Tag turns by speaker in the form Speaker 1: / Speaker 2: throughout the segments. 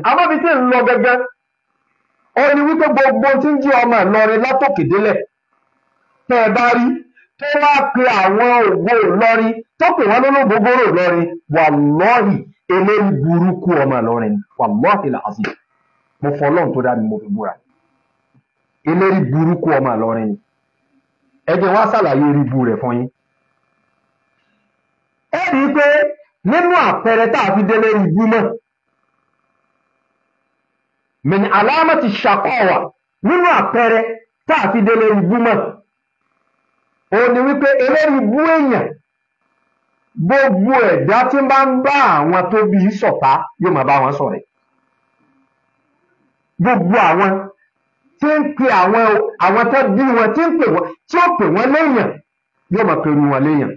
Speaker 1: amábi tí ń lọ gẹ́gẹ́ ó ní wípé gbogbo tí ń jí ọmọ Ìlọrin látòkè délẹ̀ tẹ́ ẹ bá rí tó wá pe àwọn ògbó Ìlọrin tó pè wọ́n lólógbògbòrò Ìlọrin wàlọ́ọ̀hì eléyìí burúkú ọmọ Ìlọrin wàlọ́ọ̀hì làásì mo fọ Ọlọ́run tó dá mi mo fi búra eléyìí burúkú ọmọ Ìlọrin ni ẹ jẹ́ wá ṣàlàyé eribu rẹ̀ fún yín ẹ rí i pé nínú àpẹẹrẹ tá a fi délé ibú náà mẹni alámàtì ṣàkọwà nínú àpẹẹrẹ tá a fi délé ibú mọ òun ni wípé eléyìí bú èèyàn gbogbo ẹ̀dá tí ń bá ń bá àwọn tó bí ṣọ̀tá yóò máa bá wọn ṣọ̀rẹ́ gbogbo àwọn tí ń pe àwọn àwọn tó bí wọn tí ń pè wọn tí ó pè wọn léèyàn yóò máa pèrú wọn léèyàn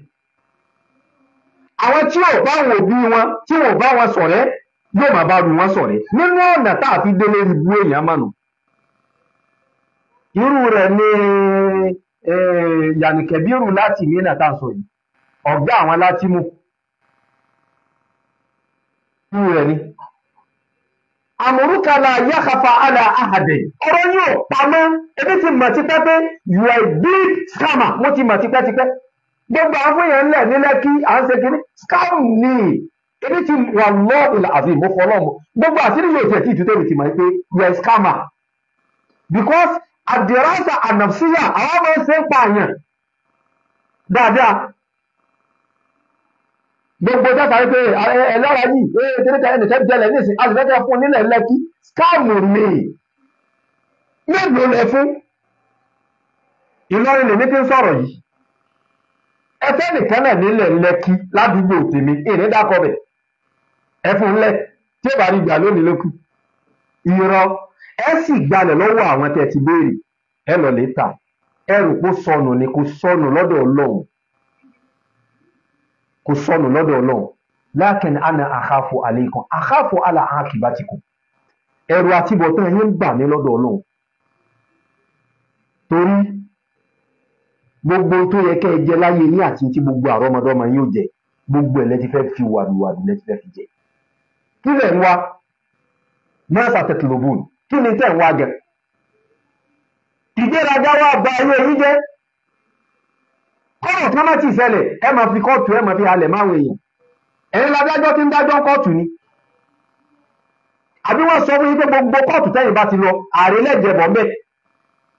Speaker 1: àwọn tí ò bá wọn òbí wọn tí wọn bá wọn ṣọ̀rẹ́ yóò máa bá ru wọn ṣọ̀rẹ́ nínú ọ̀nà tá a fi délé ibú èèyàn mọ̀nà irú rẹ̀ ni yànìkẹ́bírù láti ní nàta sọ yìí ọ̀gá àwọn láti mú irú rẹ̀ ni àmúrúkàlà yàkàfà àlà àhàdè ọ̀rọ̀ yóò pamọ́ ebi ti mọ̀ tipẹ́ pé you are a big scammer mo ti mọ̀ tipẹ́tipẹ́ gbogbo àwọn èèyàn ńlẹ̀ nílẹ̀ kí à ń ṣe kiri scam ni ebi ti wà lọ ìlà àfihàn mo fọlọ́ mo gbogbo àṣírí yóò tiẹ̀ tí ìtútù èmi ti mọ̀ pé yẹ scammer because àdìrásà ànàfsíyà àwọn máa ń ṣe ń pa àyàn dáadáa gbogbo dáta wípé ẹlẹ́ra yìí ee tẹ́lẹ̀tẹ́ ẹni tẹ́ jẹlẹ̀ ní ìsìn àṣìfẹ́tẹ́ fún nílẹ̀ lẹ́kí skáàmù ni mélòó lẹ fún Ìlọrin lèmi ti ń sọ̀rọ̀ yìí ẹtẹ́ nìkan náà nílẹ̀ lẹ́kí ládùúgbò tèmi ìní dákọ̀ bẹ̀ ẹ fún un lẹ tí ò bá rí gbà lónìí lókù irọ́ ẹ sì gbalẹ̀ lọ́wọ́ àwọn tẹ́ ti béèrè ẹ lọ lè ta ẹrù kó sọnù ni kó sọnù lọ́dọ̀ Ọlọ́run kó sọnù lọ́dọ̀ Ọlọ́run lákìn àna àkàfọ àlékún àkàfọ àlà àkìbátìkù ẹrù àtibọ̀tán yín gbà mí lọ́dọ̀ Ọlọ́run torí gbogbo tó yẹ kẹ́ ẹ jẹ láyé yín àti ti gbogbo àrọmọdọ́mọ yín ò jẹ gbogbo ẹ lẹ ti fẹ́ fi wàdùwàdù lẹ ti fẹ́ fi jẹ kí lẹ̀ ń wá mẹ́sà tẹ̀tìlógún kí ni tẹ̀ ń wá gẹ̀. ìgbéraga wa ba ayé yín jẹ́ kọ́ọ̀tù má ti ṣẹlẹ̀ ẹ máa fi kọ́ọ̀tù ẹ máa fi halẹ̀ máwọn èèyàn ẹ̀yin ládájọ́ ti ń dájọ́ kọ́ọ̀tù ni àbí wọ́n sọ fún yín pé gbogbo kọ́ọ̀tù tẹ́yìn bá ti lọ ààrẹ lẹ́jẹ̀bọ̀ mbẹ́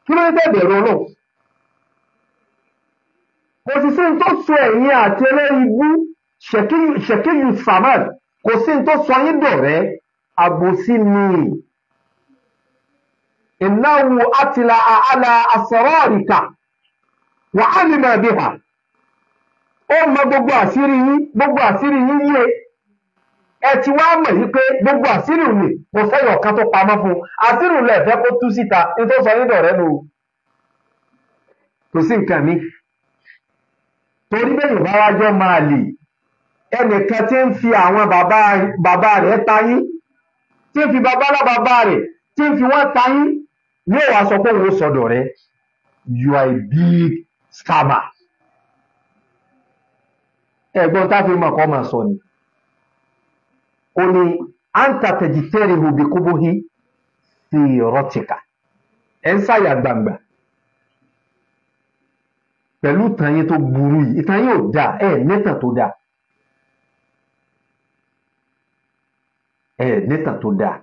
Speaker 1: kí ló ń tẹ̀ bẹ̀rù ọlọ́run kò sì sí ní tó so ẹ̀yin àti ẹlẹ́yin bú ṣèkíyù samad kò sí ní tó sọ yín dọ̀rẹ́ àbòsí ni ìnáwó àtìlà àhálà àsọ̀rọ̀ àríkà wà á lè máa bí ha ó mọ gbogbo àṣírí yín gbogbo àṣírí yín yé ẹ ti wá mọ̀ yí pé gbogbo àṣírí òní kò sẹ́yọ̀ kan tó pamọ́ fún àṣírí òní ẹ̀fẹ́ kó tú nù kò sí nǹkan mi torí bẹ́ẹ̀ máa lè ẹnìkan tí ń fi àwọn bàbá rẹ̀ tayín tí ń fi babalábàbá rẹ̀ tí ń fi wọ́n tayín ní ìwà sọ pé òun sọ̀dọ̀ rẹ̀ you are a big scammer ẹ̀gbọ́n tá a fi mọ̀ kọ́ máa sọ ni ó ní antatẹ̀jítẹ́rì hùbí kúbóhí ti rọ́tìkà ẹ̀ ń ṣàyà gbangba pẹ̀lú ìtàn yín tó burú yìí ìtàn yín ò dáa ẹ̀ nítàn tó dáa. nítàn tó dáa.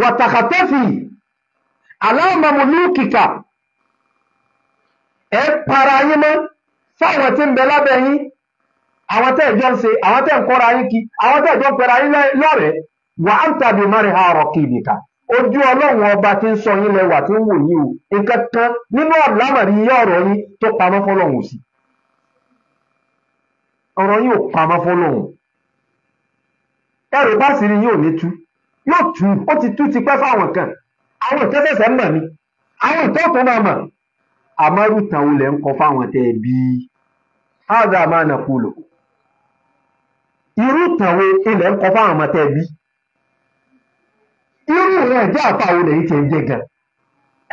Speaker 1: wàtàkàtẹ́fì aláàmàmù lúkìkà ẹ para yín mọ́ fáwọn tí ń bẹ lábẹ́ yín àwọn tẹ́ ìjọ ń ṣe àwọn tẹ́ ń kọ́ra yín kí àwọn tẹ́ ìjọ ń pẹ̀ra yín lọ́rẹ̀ẹ́ wà ọba sọ yín lẹwà tí ń wò o kan ẹrù bá sì rí yóò ní tú yóò tú ó ti tú ti pẹ́ fáwọn kan àwọn ìtẹ́ sẹ̀sẹ̀ mọ̀ ni àwọn ìtọ́ tó máa mọ̀ àmọ́ irú tàn olè ń kọ fáwọn tẹ́ bí ádá máa nà kulò irú tàn wo ilẹ̀ ń kọ fáwọn ọmọ tẹ́ bí irú rẹ̀ jẹ́ àfa olè yìí ti ń jẹ gan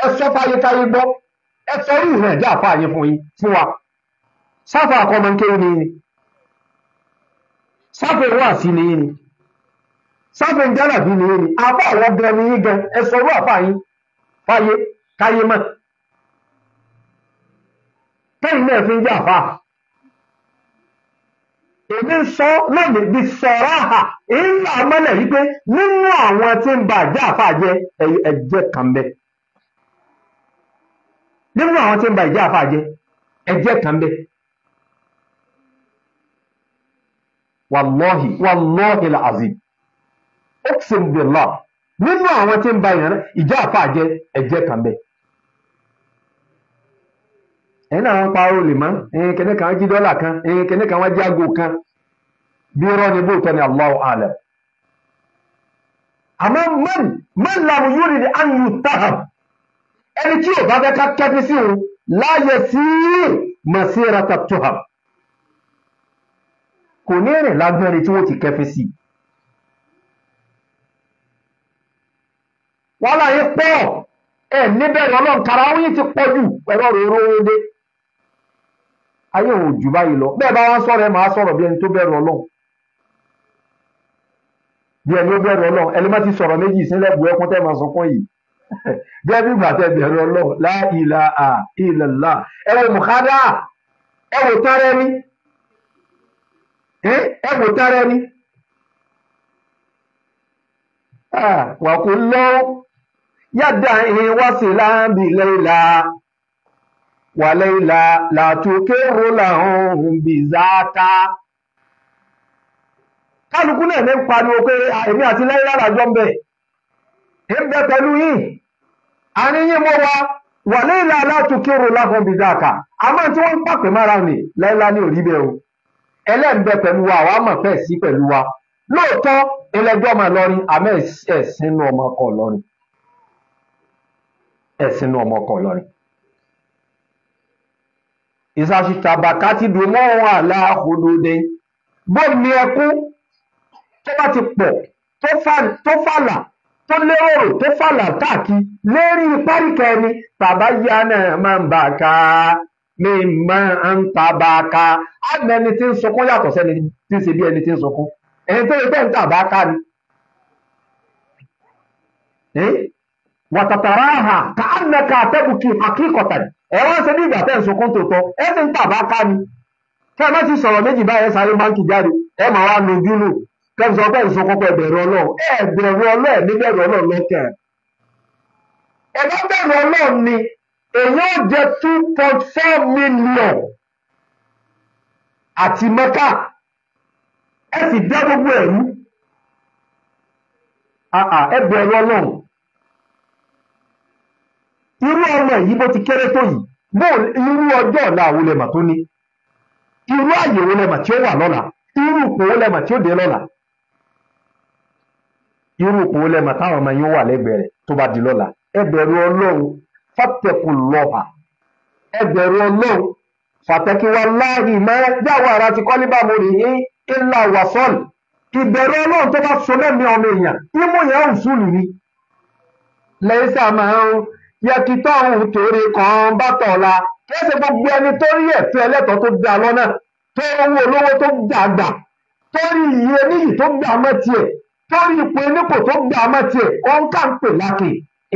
Speaker 1: ẹ sọ fáyéfáyé gbọ́ ẹ sọ irú rẹ̀ jẹ́ àfa yín fún yín fún wa sáfà àkọmọ kéwì ni sáfà ìwọ àsí ni yín ni. sáfẹ̀ jálà bí ní èrè afá àwọn gan ní gan ẹsọ ọrọ̀ àfá yín fáyé káyé mọ́ tẹ́yìn náà fi ń jẹ́ àfá èmi ń sọ lóde bí sọ̀rọ̀ àhà ńlá mọ́lẹ̀ wípé nínú àwọn tí ń ba ìjà jẹ ẹ̀jẹ̀ kan bẹ́ẹ̀ nínú àwọn tí ń ba ìjà jẹ ẹ̀jẹ̀ eksim bi la nínú àwọn tí ń ba ìyànná ìjà àfa jẹ ẹjẹ kan bẹ ẹ̀yin náà wọ́n pa ọ́ lè mọ́ ẹ̀yin kẹ́ni kan jí dọ́là kan ẹ̀yin kẹ́ni kan wọ́n jí aago kan bí irọ́ ni bóòtọ́ ni Allahu alam àmọ́ mẹ́rin mẹ́rin làwọn yóò rí ni à ẹni tí yóò bá fẹ́ ká kẹ́fí sí òun láàyè sí màsíra tàtúhàn kò ní rìn lágbẹ́rin tí wọ́n ti kẹ́fí sí i. wàhálà yìí pọ̀ ẹ̀ níbẹ̀rẹ̀ ọlọ́run kara wọ́n yìí ti pọ̀ jù pẹ̀lú ọ̀rọ̀ orówóde ayé ò jù báyìí lọ bẹ́ẹ̀ bá wọn sọ̀rọ̀ ẹ máa sọ̀rọ̀ bí ẹni tó bẹ̀rù ọlọ́run bí ẹni ó bẹ̀rù ọlọ́run ẹni má ti sọ̀rọ̀ méjì sílẹ̀ bu ẹkún tẹ́ máa sọkún yìí bí ẹbí ìgbà tẹ́ bẹ̀rù ọlọ́run láìlà à ìlàlà ẹ wo mùkádà ẹ wò tárẹ ni ẹ wò tárẹ ni wà kó lọ́wọ́. يدعي وصلا بليلى وليلى لا تكر لهم بذاتا kálukú náà ní pariwo pé èmi ati láìlá àjọ ń bẹ ń bẹ pẹ̀lú yìí a ní yí mọ́ wa wà la látòkèrò láfún bí dáka a máa tí wọ́n ń pàpẹ́ mára ni láìlá ní òrí bẹ́ẹ̀ o ẹlẹ́ǹbẹ pelu wa àwa mọ̀ fẹ́ sí pẹ̀lú wa lóòótọ́ ẹlẹgbẹ́ ọmọ Ìlọrin àmẹ́ ẹ̀sìn ọmọ ọkọ̀ Ìlọrin ẹ̀sìn ọmọ ọkọ̀ Ìlọrin ìsàṣìtàbàkà ti dùn mọ́ ohun àlà òdòdè bómi ẹkún tó bá ti pọ̀ tó fàlà tó lérò tó fàlà káàkiri lérí páríkà ẹni tàbá yá náà máa ń bà ká mi máa ń tàbá ká àgbẹ̀ ẹni tí ń sunkún yàtọ̀ sẹ́ni tí ń ṣe bí ẹni tí ń sunkún ẹni tó lè tẹ̀ ń tàbá ká ni wàtàtàràhà káàmẹ́ka àtẹ́bùkì àkíkọ̀tàn ẹ̀wọ́n ṣe ní ìgbà tẹ́ ń sunkún tòótọ́ ẹ ti ń tàbá ká ni kí ẹ má ti sọ̀rọ̀ méjì báyẹn sáré máa ń tù jáde ẹ máa wá lójú nù kẹ́mi sọ bẹ́ẹ̀ sunkún pé ẹ̀bẹ̀rù ọlọ́run ẹ̀bẹ̀rù ọlọ́run níbẹ̀rù ọlọ́run lọ́tẹ̀ ẹ bá bẹ̀rù ọlọ́run ni èyí ó jẹ two point four million àti mẹ́ka ẹ sì dá gbogbo ẹ̀rú ah, ah, ẹ̀bẹ̀rù ọlọ́run irú ọmọ yìí bó ti kéré tó yìí bó irú ọjọ́ ọ̀la àwọn olèmọ̀ tó ní irú àyè olèmọ̀ tí ó wà lọ́la irú ipò olèmọ̀ tí ó dé lọ́la irú ipò olèmọ̀ táwọn ọmọ yìí wà lẹ́gbẹ̀ẹ́ rẹ̀ tó bá di lọ́la ẹbẹ̀rù ọlọ́run fàtẹ̀kùn lọ́ha ẹbẹ̀rù ọlọ́run fàtẹ́kíwá láàyè máa jáwọ́ ara ti kọ́lé ńlá ọlọ́run tó bá so mẹ́mí ọmọ yẹkitọ́run torí kan bátọ̀ọ̀la kẹsẹ̀ gbogbo ẹni tó rí ẹ̀fẹ́ ẹlẹ́tọ̀ọ́ tó dá lọ́nà tó owó olówó tó dàgbà tó rí iye níyì tó gbà mọ́ tiẹ̀ tó rí ipò onípò tó gbà mọ́ tiẹ̀ ó ń kà ń pè lákè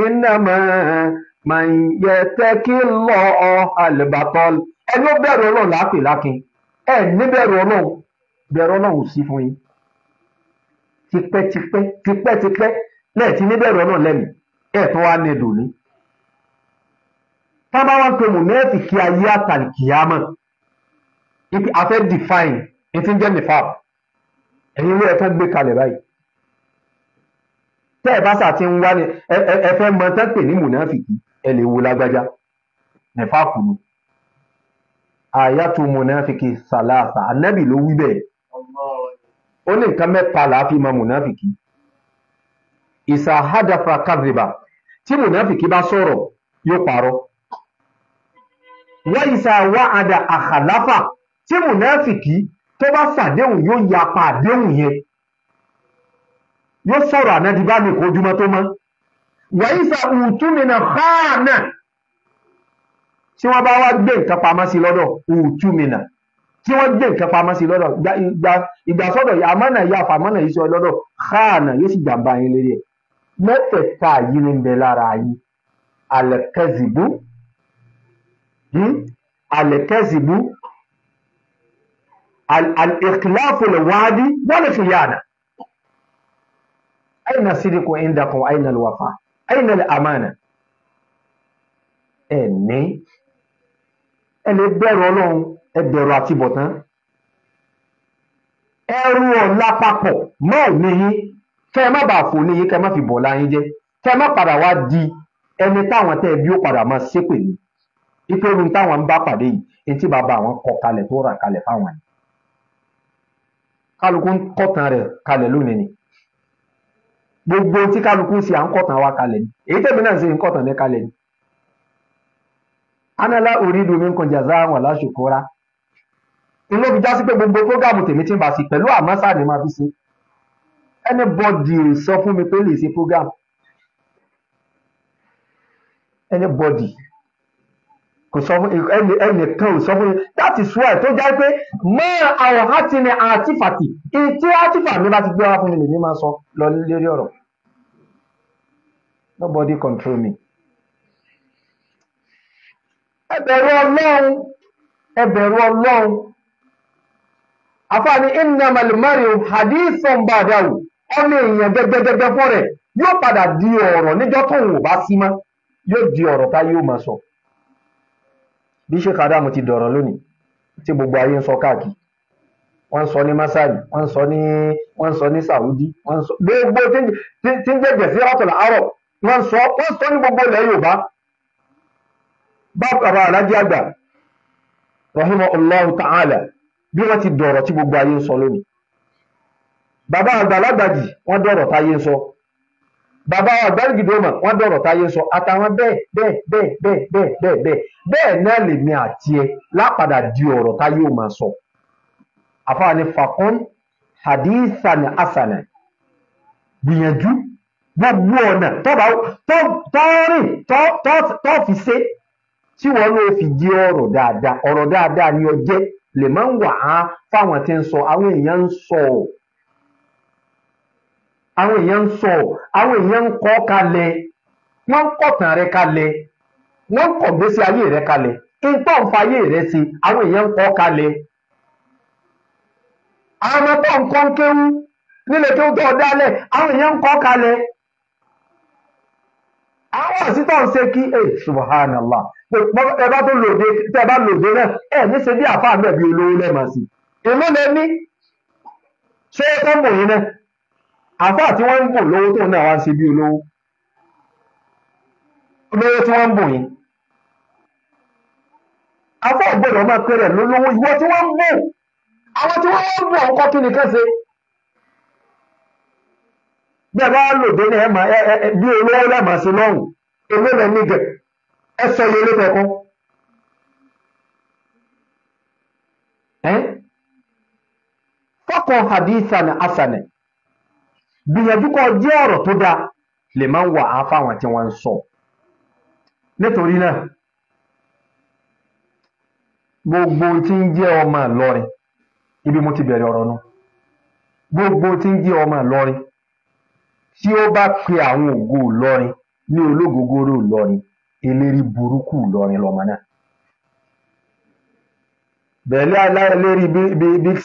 Speaker 1: iná máa ń yẹ tẹ́ kí lọ ọ àlùbàtọ́ ẹni ó bẹ̀rù ọlọ́run lápè lákè ẹ níbẹ̀rù ọlọ́run bẹ̀rù ọlọ́run sí fún yín tipẹ́tipẹ́ tipẹ́tipẹ́ lẹ́ẹ̀tì níbẹ̀rù ọlọ́run lẹ́mìí ẹ̀ tó wá ní ẹ̀dùn ní tábà wọn pe mùnẹ́ẹ̀tì kí ayé àtàlìkìyàmọ̀ ibi afẹ́ define etí ń jẹ́ nifap ẹ̀yin ilé ẹ̀fẹ́ gbé kalẹ̀ báyìí tẹ́ ẹ bá sà ti ń wá ni ẹ fẹ́ mọ tẹ́ pè ní mùnẹ́fìkì ẹ lè wo lágbájá nifap ni àyàtò mùnẹ́fìkì sàlàsà ànábì ló wí bẹ́ẹ̀ ó ní nǹkan mẹ́ta là á fi mọ mùnẹ́fìkì ìsàhádàfà kàdìbà tí mùnẹ́fìkì bá sọ̀rọ̀ yóò parọ́ wáyísà wáhadà àkàláfà tí mùnáfìkì tó bá ṣàdéhùn yóò yapa àdéhùn yẹn yóò sọ̀rọ̀ ànádìbámi kò ojúmọ́ tó mọ́ wàyísà ùtúmìnà khana tí wọ́n bá wá gbé nǹkan pamọ́ sí lọ́dọ̀ ùtúmìnà tí wọ́n gbé nǹkan pamọ́ sí lọ́dọ̀ ìgbàsọ́dọ̀ àmọ́nà ìyá àfàmọ́nà yìí sọ lọ́dọ̀ khana yóò sì jàǹbá yín lérí ẹ̀ mẹ́tẹ̀ẹ̀ta yìí ń bẹ lára yín alẹ́kẹ́zìbú alẹ́kẹ́sìbú alẹ́kìláfòlè wáádí wọ́n fi yáàdá aina sídìkù ìndàkùn aina alwafa aina al'amana ẹ̀mí ẹlẹ́ bẹ̀rù ọlọ́run ẹbẹ̀rù àti bọ̀tán ẹrù ọ̀la papọ̀ mọ́ níyí kẹ má bàa fò níyí kẹ má fi bọ̀ láyín jẹ kẹ má padà wá di ẹni táwọn tẹ́ bí ó padà máa ṣépè ní ipe ohun táwọn ń bá pàdé yìí etí bàbá àwọn kọ kalẹ̀ tó rà kalẹ̀ fáwọn yìí kálukú ń kọ̀tàn rẹ̀ kalẹ̀ lónìí ni gbogbo tí kálukú ń ṣe à ń kọ̀tàn wa kalẹ̀ ni èyí tẹ̀mí náà ń ṣe ń kọ̀tàn mi kalẹ̀ ni. anala orídu mi ń kan jàzá wọn láṣokora n ló fi já sí pé gbogbo fúrógámù tèmi ti ń bà sí pẹ̀lú àmọ́sá ni màá fi ṣe anybody sọ fún mi pé lè ṣe fúrógámù anybody kò sọ fún ẹnìkan ò sọ fún yín that is why tó jẹ́ pé mọ́ àwọn àti ni àtìfàtì ìtí àtìfà mi bá ti gbé wá fún mi lèmi máa sọ lọ lórí ọ̀rọ̀ nobody control me. ẹ ọlọ́run ẹ ọlọ́run àfààní innamal mar'u hadithun ba'dahu ọmọ èèyàn gẹ́gẹ́gẹ́gẹ́ fún yóò padà di ọ̀rọ̀ níjọ́ tóun ò bá sí mọ́ yóò di ọ̀rọ̀ tá yóò máa sọ. So bí Sheikh Adamu ti dọ̀rọ̀ lónìí tí gbogbo ayé ń sọ káàkiri wọ́n ń sọ ní Masari wọ́n ń sọ ní wọ́n ń sọ ní Saudi wọ́n ń sọ gbogbo tí ń jẹ́ Jaziratul Arab wọ́n ń sọ wọ́n ń sọ ní gbogbo ilẹ̀ Yorùbá bàbá alájí àgbà rahimahullahu ta'ala bí wọ́n ti dọ̀rọ̀ tí gbogbo ayé ń sọ lónìí bàbá àgbàlagbàjì wọ́n dọ̀rọ̀ táyé ń sọ bàbá àgbáríjì dòmà wọn dọ̀rọ̀ táyé sọ àtàwọn bẹ́ẹ̀ bẹ́ẹ̀ bẹ́ẹ̀ bẹ́ẹ̀ bẹ́ẹ̀ bẹ́ẹ̀ bẹ́ẹ̀ bẹ́ẹ̀ náà lèmi àti ẹ lápadà di ọ̀rọ̀ táyé ò máa sọ àfààní fakọ́n hadithan hasanan gbìyànjú gbogbo ọ̀nà tọ́ba tọ́rìn tọ́fi ṣe tí wọn ló fi di ọ̀rọ̀ dáadáa ọ̀rọ̀ dáadáa ni ọjẹ́ lè máa ń wà á fáwọn tí ń sọ àwọn èèyàn ń sọ ọ́ àwọn èèyàn ń sọ àwọn èèyàn ń kọ kalẹ̀ wọn ń kọtàn rẹ kalẹ̀ wọn ń kọ gbèsè ayé rẹ ń fa ayé rẹ sí àwọn èèyàn ń kọ kalẹ̀ àwọn ọmọ tó ń kọ́ ń kéwú nílé tó dálẹ̀ àwọn èèyàn ń kọ́ àwọn ń ṣe kí ẹ àfáà tí wọ́n ń bùn lówó tóun náà wá ń ṣe bí olówó olówó tí wọ́n ń bùn yìí àfáà gbọ́dọ̀ máa pè lólówó ìwọ tí wọ́n ń bùn àwọn tí wọ́n ń bùn kí ni kán ṣe bẹ́ẹ̀ bá lò dé ní bí olówó gbìyànjú kọ jẹ́ ọ̀rọ̀ tó dáa lè máa ń wà á fáwọn tí wọ́n ń sọ nítorí náà gbogbo tí ń jẹ́ ọmọ Ìlọrin ibi mo ti bẹ̀rẹ̀ ọ̀rọ̀ nu gbogbo tí ń jẹ́ ọmọ Ìlọrin tí ó bá pe àwọn ògo Ìlọrin ní ológogoro Ìlọrin eléri burúkú Ìlọrin lọmọ náà bẹ̀ẹ́lẹ́ aláìlérí big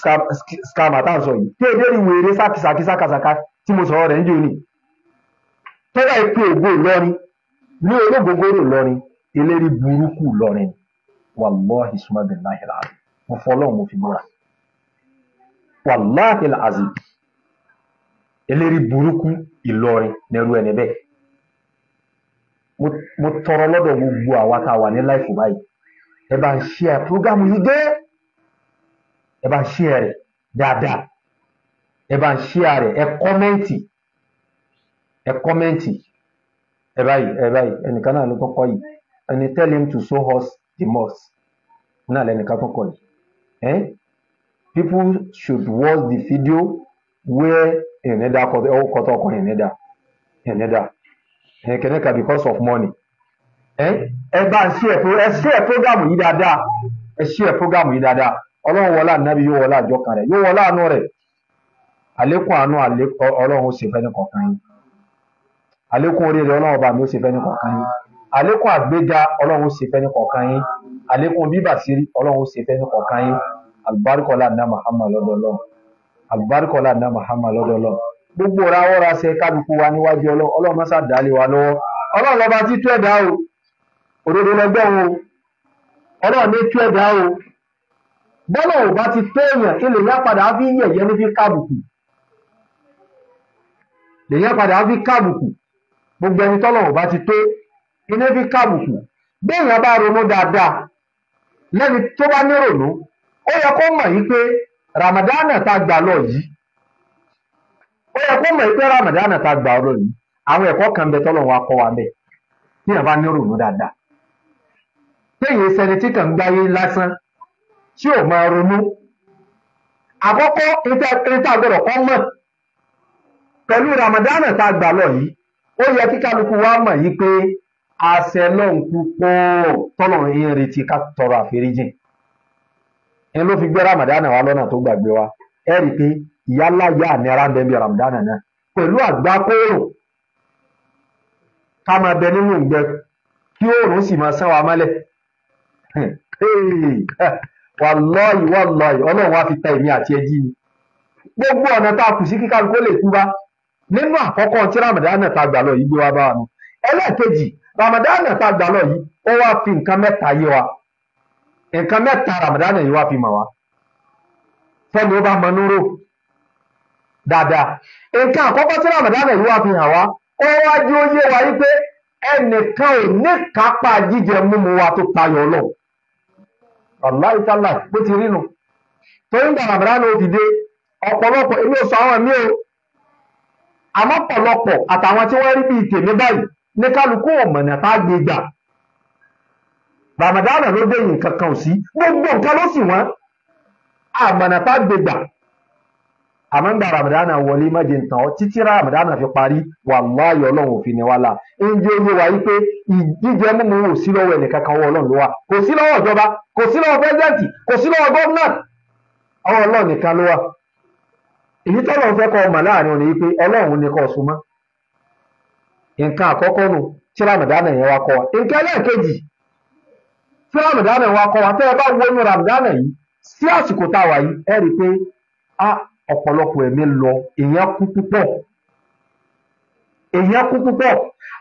Speaker 1: scam àtàǹsọ yìí tí èdè ìwé eré sákìsákì sákàsákà tí mo sọ̀rọ̀ rẹ̀ ń jò ní tọ́lá ìpè ògbó ìlọrin ní olóògógóró ìlọrin eléri burúkú ìlọrin wàláhì sùmọ́bẹ̀ láhì láàrin mo fọlọ́run mo fi mọ́ra wàláhì láàzì eléri burúkú ìlọrin nẹrú ẹni bẹ́ẹ̀ mo tọrọ lọ́dọ̀ gbogbo àwa tá a wà ní láìfò báyìí ẹ bá ń ṣe ẹ prógámù yìí dé ẹ bá ń ṣe ẹ rẹ dáadáa ẹ bá ń ṣíà rẹ̀ ẹ kọ́mẹ́ǹtì ẹ kọ́mẹ́ǹtì ẹ báyìí ẹ báyìí ẹnìkan náà ló kọ́kọ́ yìí ẹni tell him to show us the mosque náà lẹnìkan kọ́kọ́ yìí ẹ people should watch the video where ẹnìdá kọtọ ọkọ ẹnìdá ẹnìdá ẹnìkẹ́nìkan because of money ẹ bá ń ṣe ẹ ẹ ṣe ẹ programu yìí dáadáa ẹ ṣe ẹ programu yìí dáadáa ọlọ́run wọlá nàbí yóò wọlá àjọ kan yóò wọlá àánú rẹ̀ àlékún àánú ọlọ́run ó ṣe fẹ́ni kọ̀ọ̀kan yín àlékún oríire ọlọ́run ọba mi ó ṣe fẹ́ni kọ̀ọ̀kan yín àlékún àgbéga ọlọ́run ó ṣe fẹ́ni kọ̀ọ̀kan yín àlékún bíbàsírí ọlọ́run ó ṣe fẹ́ni kọ̀ọ̀kan yín àlùbáríkọ̀lá ná Muhammad lọ́dọ̀ ọlọ́run àlùbáríkọ̀lá ná Muhammad lọ́dọ̀ ọlọ́run gbogbo ra ọwọ́ ra ṣe kálukú wa níwájú ọlọ́run ọlọ́run mọ́sá dálé wa lọ́wọ́ ò bá ti tó èèyàn ilẹ̀ yá padà á fi yẹ̀yẹ́ ní fi kábùkù lèyàn padà á fi kábùkù gbogbo ẹni tọ́lọ̀ ò bá ti tó iná fi kábùkù béèyàn bá ronú dáadáa lẹ́ni tó bá nírònú ó yẹ kó mọ̀ yí pé ramadana ta gbà lọ yìí ó yẹ kó mọ̀ yí pé ramadana ta gbà lọ yìí àwọn ẹ̀kọ́ kan bẹ tọ́lọ̀ wa kọ́ wa bẹ̀ téèyàn bá nírònú dáadáa téèyàn sẹni tí kàn ń gbáyé lásán tí ò máa ronú àkọ́kọ́ níta gbọ́dọ̀ kọ́ mọ̀ pẹ̀lú Ramadan ta a gbà lọ yìí ó yẹ kí kálukú wa mọ̀ yìí pé àṣẹ lọ́hùn púpọ̀ tọ́lọ̀ retí ká tọrọ àforíjìn ẹ ló fi gbé Ramadan wa lọ́nà tó gbàgbé wa ẹ rí i pé ìyá bí Ramadan náà pẹ̀lú àgbákòrò ká máa bẹ nínú kí oòrùn sì máa sán wa mọ́lẹ̀ ọlọ́run wa fi ta èmi àti gbogbo a kù sí kíkálukú lè nínú àkọ́kọ́ tí ramadan ta gbà lọ yìí gbé wa bá wa nù ẹlẹ́ẹ̀kejì ramadan ta gbà lọ yìí ó wá fi nǹkan mẹ́ta yé wa nǹkan mẹ́ta ramadan yìí wá fi mọ̀ wá fẹ́ni ó bá mọ núró dáadáa nǹkan àkọ́kọ́ tí ramadan yìí wá fi hàn wá ó wá jí ó yé wa yí pé ẹnìkan ò ní kápá jíjẹ múmu wa tó payọ lọ ọláìtàlá bó ti rí nu torí ń gbà ramadan ó fi dé ọ̀pọ̀lọpọ̀ èmi sọ àwọn mi ò àmọ́ pọ̀lọpọ̀ àtàwọn tí wọ́n rí bíi tèmi báyìí ní kálukú ọ̀mọ̀nà tá a gbé ramadan ló dé yìí kankan ò sí gbogbo nǹkan ló sì wọ́n àmọ̀nà tá a gbé gbà àmọ́ gba ramadana wọlé méje ń títí ramadana fi parí wàláyé ọlọ́run òfin ni wà lá wa ipe jíjẹ mímu ò sí lọ́wọ́ ọlọ́run ló wà kò sí lọ́wọ́ ìjọba kò sí lọ́wọ́ kò sí lọ́wọ́ èyí tọ́lọ́run fẹ́ kọ́ ọmọ láàrin òní pé ọlọ́run ní kọ́ súnmọ́ nǹkan àkọ́kọ́ nù tí ramadana yẹn wá kọ́ wa nǹkan ẹlẹ́ẹ̀kejì tí Ramadan yẹn wá kọ́ wa tẹ́ ẹ bá wọnú ramadana yìí sí àsìkò tá a wà yìí ẹ rí i pé a ọ̀pọ̀lọpọ̀ ẹ̀mí lọ èèyàn kú púpọ̀ èèyàn kú púpọ̀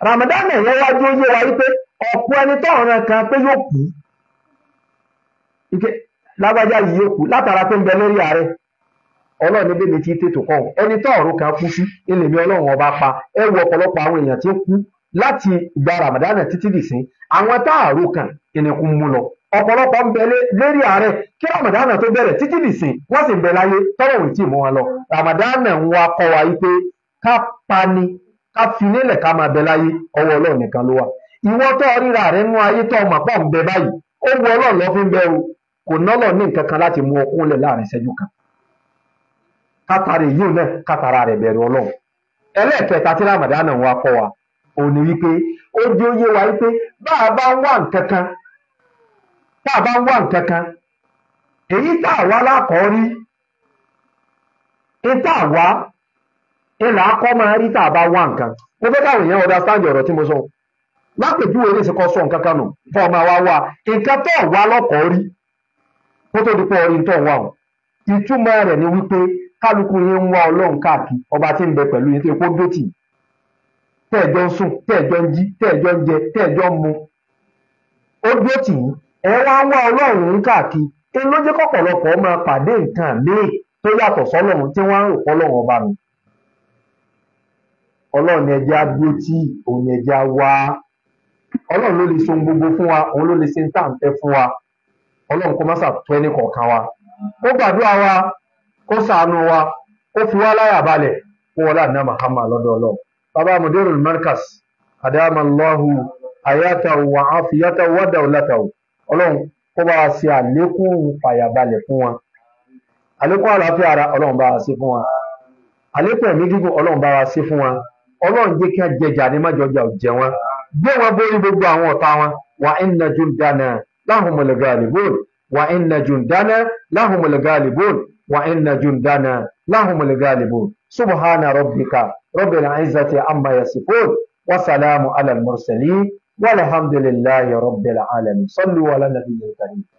Speaker 1: ramadana yẹn wá dé oyé wa wípé ọ̀pọ̀ ẹni tọ́ọ̀ràn kan pé yóò kú lágbájá yìí yóò kú látara tó ń bẹ lórí ààrẹ ọlọ́run níbi mi ti tètò kọ́ ẹni tó ọ̀run kan kú sí ilé mi ọlọ́run ọba pa ẹ wo ọ̀pọ̀lọpọ̀ àwọn èèyàn tí ń kú láti gba ramadana títí dì sín àwọn tá àrùn kan ìnìkú mú lọ ọ̀pọ̀lọpọ̀ ń bẹ lérí ààrẹ kí ramadana tó bẹ̀rẹ̀ títí dì sín wọ́n sì ń bẹ láyé tọ́rọ̀ òun tí ì mú wọn lọ ramadana ń kọ́ wa wípé ká pani ká fi nílẹ̀ ká máa bẹ láyé ọwọ́ ọlọ́run nìkan ló wà ìwọ kátàrí yìí náà kátàrà rẹ̀ bẹ̀rù ọlọ́run tí ramadan náà wá kọ́ wa wípé ó di ó yé wa wípé bá a bá ń wá nǹkan kan tá a bá ń wá nǹkan kan èyí tá a wá lákọ̀ọ́rí ní tá a wá ilà máa rí tá a bá wá nǹkan mo sọ lápèjúwe sọ nǹkan kan nù fún ọmọ wa wá nǹkan tó wá lọ́kọ̀ọ́rí kó tó kálukú yín ń wá ọlọ́run káàkiri ọba tí ń bẹ pẹ̀lú yín tí epo dó tẹ́ẹ̀jọ́ ń sùn tẹ́ẹ̀jọ́ ń jí tẹ́ẹ̀jọ́ ń jẹ tẹ́ẹ̀jọ́ ń mu ó dó yín ẹ wá ń wá ọlọ́run káàkiri ẹ ló pàdé nǹkan míì tó yàtọ̀ sọ́lọ́run ọba mi ọlọ́run ni òun ni wá gbogbo fún wa òun ló lè ń fún wa ọlọ́run kó má ẹnì kó sàánú wa kó fi wá láyà balẹ̀ kó wọlé àná Muhammad lọ́dọ̀ ọlọ́ bàbá mudirul wa afiyatahu wa dawlatahu ọlọ́run kó bá ṣe àlékún fàyàbalẹ̀ fún wa àlékún àlàáfíà ara ọlọ́run bá wa ṣe fún wa àlékún ẹ̀mí gígùn ọlọ́run bá wa fún a jẹjà ní májọjà ò wọn gbé wọn gbogbo àwọn وإن جندنا لهم الغالبون سبحان ربك رب العزة عما يصفون وسلام على المرسلين والحمد لله رب العالمين صلوا على النبي الكريم